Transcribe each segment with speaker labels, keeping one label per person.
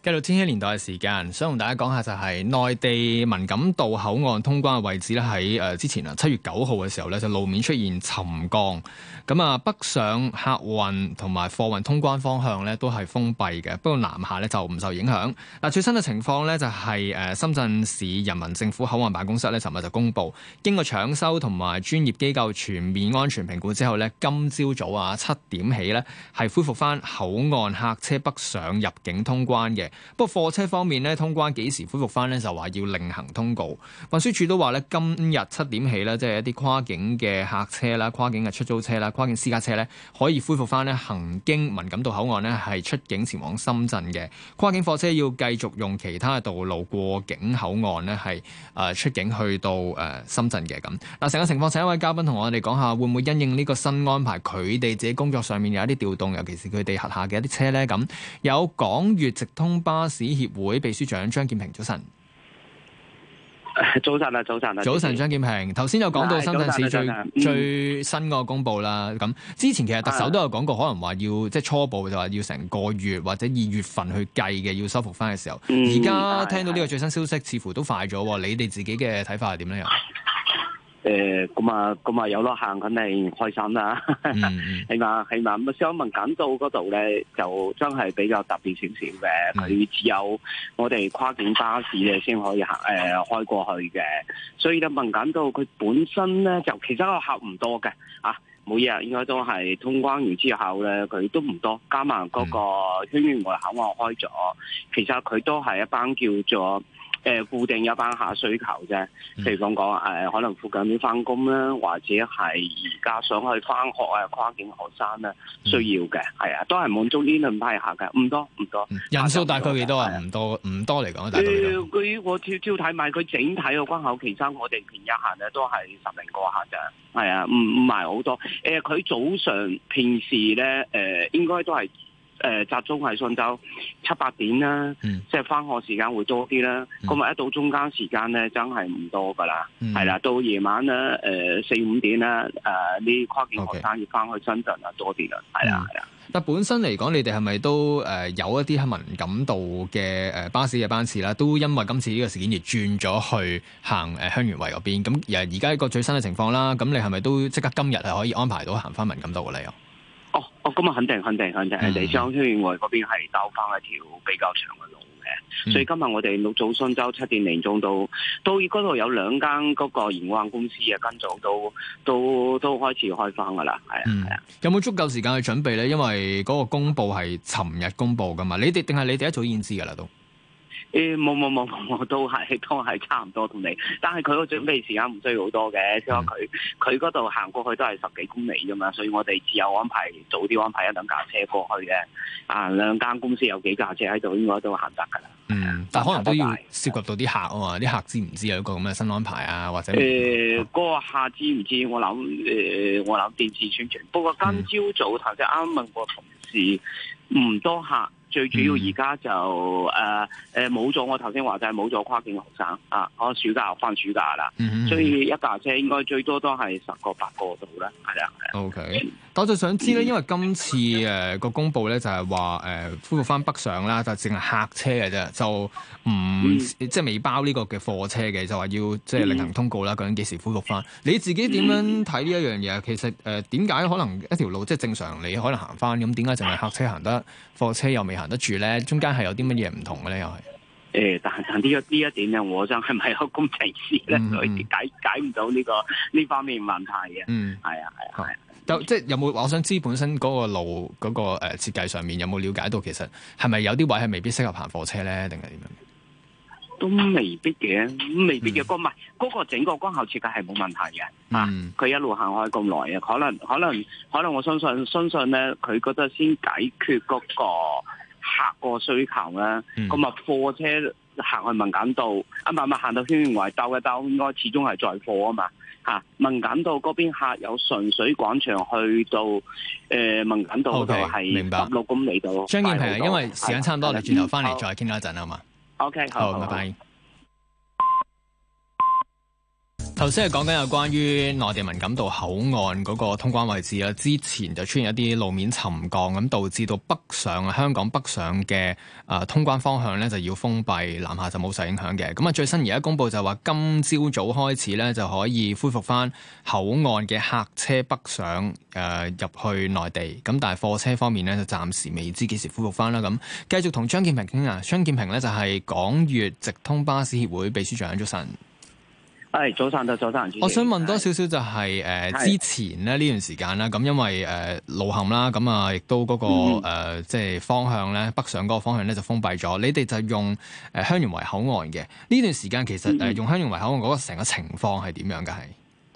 Speaker 1: 繼續千禧年代嘅時間，想同大家講一下就係內地文錦渡口岸通關嘅位置咧，喺誒之前啊，七月九號嘅時候咧就路面出現沉降，咁啊北上客運同埋貨運通關方向咧都係封閉嘅，不過南下咧就唔受影響。嗱最新嘅情況咧就係誒深圳市人民政府口岸辦公室咧尋日就公佈，經過搶修同埋專業機構全面安全評估之後咧，今朝早啊，七點起咧係恢復翻口岸客車北上入境通關嘅。不過貨車方面呢，通關幾時恢復翻呢就話要另行通告。運輸署都話呢，今日七點起呢，即係一啲跨境嘅客車啦、跨境嘅出租車啦、跨境私家車呢，可以恢復翻呢行經文錦渡口岸呢，係出境前往深圳嘅跨境貨車要繼續用其他嘅道路過境口岸呢，係誒出境去到誒深圳嘅咁。嗱，成個情況，請一位嘉賓同我哋講下，會唔會因應呢個新安排，佢哋自己工作上面有一啲調動，尤其是佢哋轄下嘅一啲車呢。咁，有港粵直通。巴士協會秘書長張劍平，早晨，
Speaker 2: 早晨啊，早晨、啊，早晨，張劍
Speaker 1: 平，頭先有講到深圳市最、啊的嗯、最新個公布啦，咁之前其實特首都有講過，可能話要即係初步就話要成個月或者二月份去計嘅，要修復翻嘅時候，而、嗯、家聽到呢個最新消息，似乎都快咗、嗯，你哋自己嘅睇法係點樣？樣
Speaker 2: 誒、嗯、咁、嗯、啊、咁、嗯、啊，有得行，肯定開心啦。起碼，起碼咁，上文錦渡嗰度咧，就真係比較特別少少嘅。佢只有我哋跨境巴士咧先可以行，誒、呃，開過去嘅。所以咧，文錦渡佢本身咧，就其實個客唔多嘅。啊，每日應該都係通關完之後咧，佢都唔多。加埋嗰個香園圍口岸我開咗，其實佢都係一班叫做，誒，固定一班下需求啫，譬如講，誒、呃，可能附近啲返工啦，或者係而家想去返學啊，跨境學生咧需要嘅，係、嗯、啊，都係滿足呢兩批下嘅，唔多唔多，不多嗯、
Speaker 1: 人數大概幾多啊？唔多唔多嚟講，
Speaker 2: 佢、呃呃、我超超睇埋佢整體嘅關口，其實我哋平日行咧都係十零個下啫，係啊，唔唔係好多，誒、呃，佢早上平時咧，誒、呃，應該都係。誒、呃、集中喺上晝七八點啦、嗯，即係返學時間會多啲啦。咁、嗯、啊，一到中間時間咧，真係唔多噶啦，係、嗯、啦。到夜晚啦，誒、呃、四五點啦，誒、呃、啲跨境學生要返去深圳啊，okay. 多啲噶，係啦
Speaker 1: 係啦。但本身嚟講，你哋係咪都誒、呃、有一啲喺文錦渡嘅誒巴士嘅班次啦，都因為今次呢個事件而轉咗去行誒香園圍嗰邊？咁而家一個最新嘅情況啦，咁你係咪都即刻今日係可以安排到
Speaker 2: 行翻文錦渡嘅咧？哦，哦，今日肯定肯定肯定肯定，雙圈外嗰邊係兜翻一條比較長嘅路嘅、嗯，所以今日我哋六早新洲七點零鐘到，到嗰度有兩間嗰個營運公司啊，今早都都都開始開翻噶啦，係啊係
Speaker 1: 啊，有冇足夠時間去準備咧？因為嗰個公布係尋日公布噶嘛，你哋定係你哋一早已知噶啦都。
Speaker 2: 誒，冇冇冇，我都係都係差唔多同你，但係佢個準備時間唔需要好多嘅，即係佢佢嗰度行過去都係十幾公里啫嘛，所以我哋只有安排早啲安排一兩架車過去嘅，啊，兩間公司有幾架車喺度，應該都行得噶啦。嗯，
Speaker 1: 但可能都要涉及到啲客啊嘛，啲客知唔知有一個咁嘅新安排啊？或者誒，嗰、呃
Speaker 2: 哦嗰個客知唔知？我諗誒、呃，我諗電視宣傳。不過今朝早頭先啱啱問過同事，唔多客。最主要而家就誒誒冇咗，嗯呃、沒了，我頭先話就係冇咗跨境學生啊！我暑假翻暑假啦、嗯，所以一架車應該最多都係十個八個
Speaker 1: 度啦，係啊，OK。但我就想知咧、嗯，因為今次誒個公布咧就係話誒恢復翻北上啦，就淨係客車嘅啫，就唔即係未包呢個嘅貨車嘅，就話要即係另行通告啦、嗯。究竟幾時恢復翻？你自己點樣睇呢一樣嘢？其實誒點解可能一條路即係正常你可能行翻咁，點解淨係客車行得，貨車又未？行得住咧，中間係有啲乜嘢唔同嘅咧？又係
Speaker 2: 誒，但係呢一呢一點咧，我想係咪有工程師咧解解唔到呢個呢方面的問題嘅？嗯，係啊，係啊，係、okay。啊。
Speaker 1: 即係有冇？我想知本身嗰個路嗰、嗰個誒設計上面有冇了解到？其實係咪有啲位係未必適合行貨車咧？定係點樣？
Speaker 2: 都未必嘅，未必嘅。嗰唔係嗰個整個關口設計係冇問題嘅。Mm-hmm. 啊，佢一路行開咁耐嘅，可能可能可能，可能我相信相信咧，佢覺得先解決嗰、嗰個。客個需求啦，咁啊貨車行去文錦渡，啊唔係行到圈外兜一兜，應該始終係載貨啊嘛。吓、啊，文錦渡嗰邊客有純水廣場去到誒文錦渡嗰度係十六公里度。張劍平係因為時間差唔多，啊、你轉頭翻嚟再
Speaker 1: 傾多一陣好嘛。
Speaker 2: OK，好，拜拜。
Speaker 1: 頭先係講緊有關於內地文錦渡口岸嗰個通關位置啊，之前就出現一啲路面沉降咁，導致到北上香港北上嘅誒、呃、通關方向咧就要封閉，南下就冇受影響嘅。咁啊，最新而家公佈就話，今朝早，早開始咧就可以恢復翻口岸嘅客車北上誒入、呃、去內地，咁但係貨車方面咧就暫時未知幾時恢復翻啦。咁繼續同張劍平傾啊，張劍平咧就係港粵直通巴士協會秘書長，早晨。
Speaker 2: 係早上就早上，我想
Speaker 1: 問多少少就係、是、誒、呃、之前咧呢段時間啦，咁因為誒、呃、路陷啦，咁啊亦都嗰、那個、嗯呃、即係方向咧北上嗰個方向咧就封閉咗，你哋就用誒香園圍口岸嘅呢段時間，其實誒、嗯、用香園圍口岸嗰個成個情況係點樣㗎？係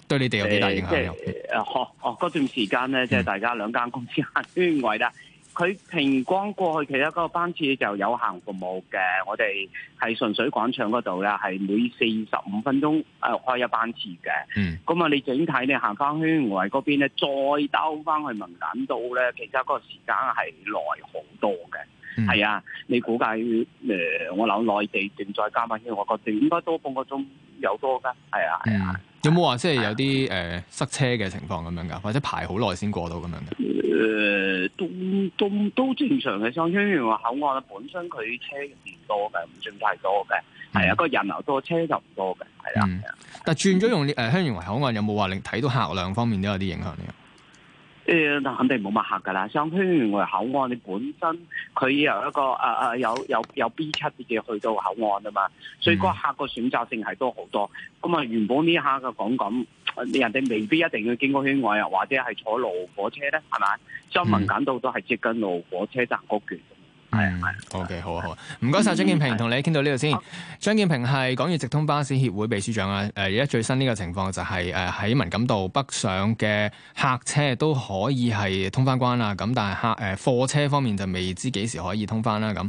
Speaker 1: 對你哋有幾大影響？誒、呃呃、哦嗰段時間
Speaker 2: 咧、嗯，即係大家兩間公司爭軒圍啦。佢平光過去其他個班次就有行服務嘅，我哋係純粹廣場嗰度咧，係每四十五分鐘誒開一班次嘅。咁、嗯、啊，你整體你行翻圈,圈那，我係嗰邊咧再兜翻去文錦渡咧，其他個個時間係耐好多嘅。係、嗯、啊，你估計、呃、我諗內地正再加翻圈我覺地，應該多半個鐘有多㗎。係啊，啊。嗯、
Speaker 1: 有冇話即係有啲誒、啊呃、塞車嘅情況咁樣㗎？或者排好耐先
Speaker 2: 過到咁樣、嗯誒、呃，都都都，都正常嘅。像香園圍口岸啦，本身佢車唔多嘅，唔算太多嘅，係啊，個人流多，車就唔多嘅，係啦、
Speaker 1: 嗯。但係轉咗用誒，香園圍口岸有冇話令睇到客量方面都有啲影響咧？
Speaker 2: 誒、呃，肯定冇乜客噶啦。像香園圍口岸，你本身佢有一個誒誒、呃，有有有 B 七嘅去到口岸啊嘛，所以個客個選擇性係多好多。咁啊，原本呢下就講緊。人哋未必一定要經過圈外，啊，或者係坐路火車咧，係咪？將文錦渡都係接近路火車站嗰段，係、嗯、啊，係
Speaker 1: 啊，好嘅，okay, 好啊好，好啊，唔該晒張劍平，同你傾到呢度先。張、嗯、劍平係港粵直通巴士協會秘書長啊。誒、呃，而家最新呢個情況就係誒喺文錦渡北上嘅客車都可以係通翻關啦。咁但係客誒貨、呃、車方面就未知幾時可以通翻啦。咁。